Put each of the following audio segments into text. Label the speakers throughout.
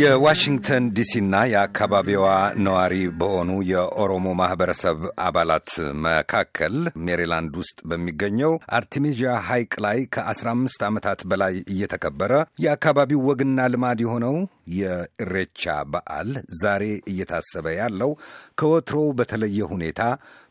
Speaker 1: የዋሽንግተን ዲሲና የአካባቢዋ ነዋሪ በሆኑ የኦሮሞ ማህበረሰብ አባላት መካከል ሜሪላንድ ውስጥ በሚገኘው አርቴሜዣ ሐይቅ ላይ ከ15 ዓመታት በላይ እየተከበረ የአካባቢው ወግና ልማድ የሆነው የእሬቻ በዓል ዛሬ እየታሰበ ያለው ከወትሮው በተለየ ሁኔታ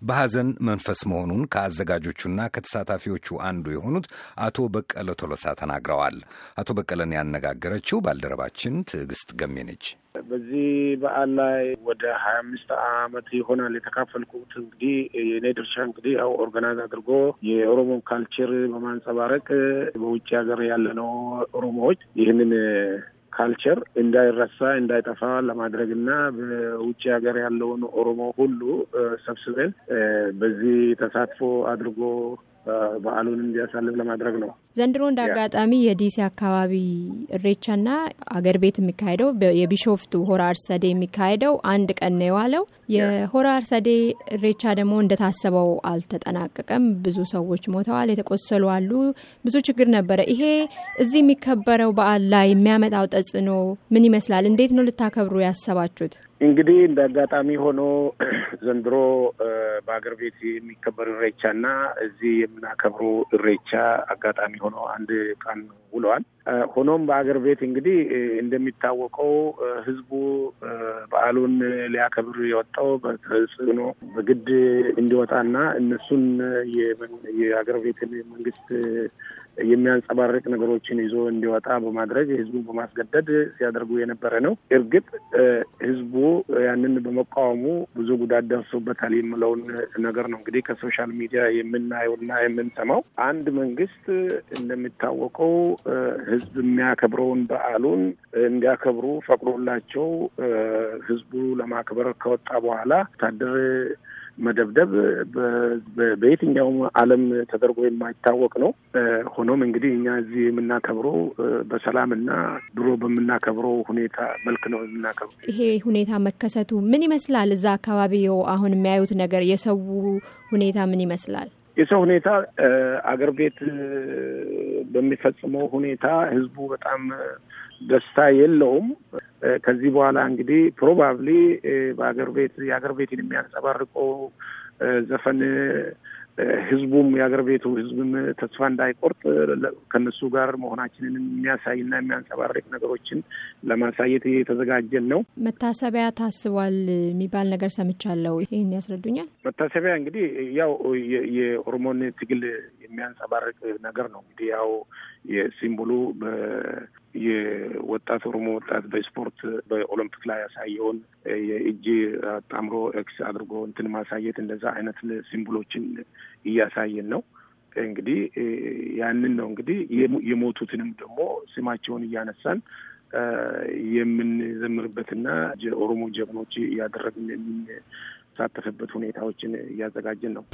Speaker 1: በሐዘን መንፈስ መሆኑን ከአዘጋጆቹና ከተሳታፊዎቹ አንዱ የሆኑት አቶ በቀለ ቶሎሳ ተናግረዋል። አቶ በቀለን ያነጋገረችው ባልደረባችን ትዕግስት ገሜ ነች።
Speaker 2: በዚህ በዓል ላይ ወደ ሀያ አምስት አመት ይሆናል የተካፈልኩት። እንግዲህ የኔ ድርሻ እንግዲህ ያው ኦርጋናይዝ አድርጎ የኦሮሞ ካልቸር በማንጸባረቅ በውጭ ሀገር ያለነው ኦሮሞዎች ይህንን ካልቸር እንዳይረሳ እንዳይጠፋ ለማድረግ እና በውጭ ሀገር ያለውን ኦሮሞ ሁሉ ሰብስበን በዚህ ተሳትፎ አድርጎ በዓሉን እንዲያሳልፍ ለማድረግ ነው።
Speaker 3: ዘንድሮ እንደ አጋጣሚ የዲሲ አካባቢ እሬቻና አገር ቤት የሚካሄደው የቢሾፍቱ ሆራ አርሰዴ የሚካሄደው አንድ ቀን ነው የዋለው። የሆራ አርሰዴ እሬቻ ደግሞ እንደታሰበው አልተጠናቀቀም። ብዙ ሰዎች ሞተዋል፣ የተቆሰሉ አሉ። ብዙ ችግር ነበረ። ይሄ እዚህ የሚከበረው በዓል ላይ የሚያመጣው ተጽዕኖ ምን ይመስላል? እንዴት ነው ልታከብሩ ያሰባችሁት?
Speaker 2: እንግዲህ እንደ አጋጣሚ ሆኖ ዘንድሮ በሀገር ቤት የሚከበር እሬቻ እና እዚህ የምናከብረው እሬቻ አጋጣሚ ሆኖ አንድ ቀን ውለዋል። ሆኖም በአገር ቤት እንግዲህ እንደሚታወቀው ህዝቡ በዓሉን ሊያከብር የወጣው በተጽዕኖ በግድ እንዲወጣና እነሱን የአገር ቤትን መንግስት የሚያንጸባርቅ ነገሮችን ይዞ እንዲወጣ በማድረግ ህዝቡን በማስገደድ ሲያደርጉ የነበረ ነው። እርግጥ ህዝቡ ያንን በመቃወሙ ብዙ ጉዳት ደርሶበታል የምለውን ነገር ነው እንግዲህ ከሶሻል ሚዲያ የምናየውና የምንሰማው። አንድ መንግስት እንደሚታወቀው ህዝብ የሚያከብረውን በዓሉን እንዲያከብሩ ፈቅዶላቸው ህዝቡ ለማክበር ከወጣ በኋላ ወታደር መደብደብ በየትኛውም ዓለም ተደርጎ የማይታወቅ ነው። ሆኖም እንግዲህ እኛ እዚህ የምናከብረው በሰላምና ድሮ በምናከብረው ሁኔታ መልክ ነው የምናከብረው።
Speaker 3: ይሄ ሁኔታ መከሰቱ ምን ይመስላል? እዛ አካባቢ አሁን የሚያዩት ነገር የሰው ሁኔታ ምን ይመስላል?
Speaker 2: የሰው ሁኔታ አገር ቤት በሚፈጽመው ሁኔታ ህዝቡ በጣም ደስታ የለውም። ከዚህ በኋላ እንግዲህ ፕሮባብሊ በአገር ቤት የአገር ቤትን የሚያንጸባርቀው ዘፈን ህዝቡም የአገር ቤቱ ህዝብም ተስፋ እንዳይቆርጥ ከነሱ ጋር መሆናችንን የሚያሳይና የሚያንጸባርቅ ነገሮችን ለማሳየት የተዘጋጀን ነው።
Speaker 3: መታሰቢያ ታስቧል የሚባል ነገር ሰምቻለሁ። ይህን ያስረዱኛል?
Speaker 2: መታሰቢያ እንግዲህ ያው የኦሮሞን ትግል የሚያንጸባርቅ ነገር ነው። እንግዲህ ያው የሲምቦሉ ወጣት ኦሮሞ ወጣት በስፖርት በኦሎምፒክ ላይ ያሳየውን የእጅ አጣምሮ ኤክስ አድርጎ እንትን ማሳየት እንደዛ አይነት ሲምቦሎችን እያሳየን ነው። እንግዲህ ያንን ነው እንግዲህ የሞቱትንም ደግሞ ስማቸውን እያነሳን የምንዘምርበትና ኦሮሞ ጀግኖች እያደረግን የምንሳተፍበት ሁኔታዎችን እያዘጋጀን ነው።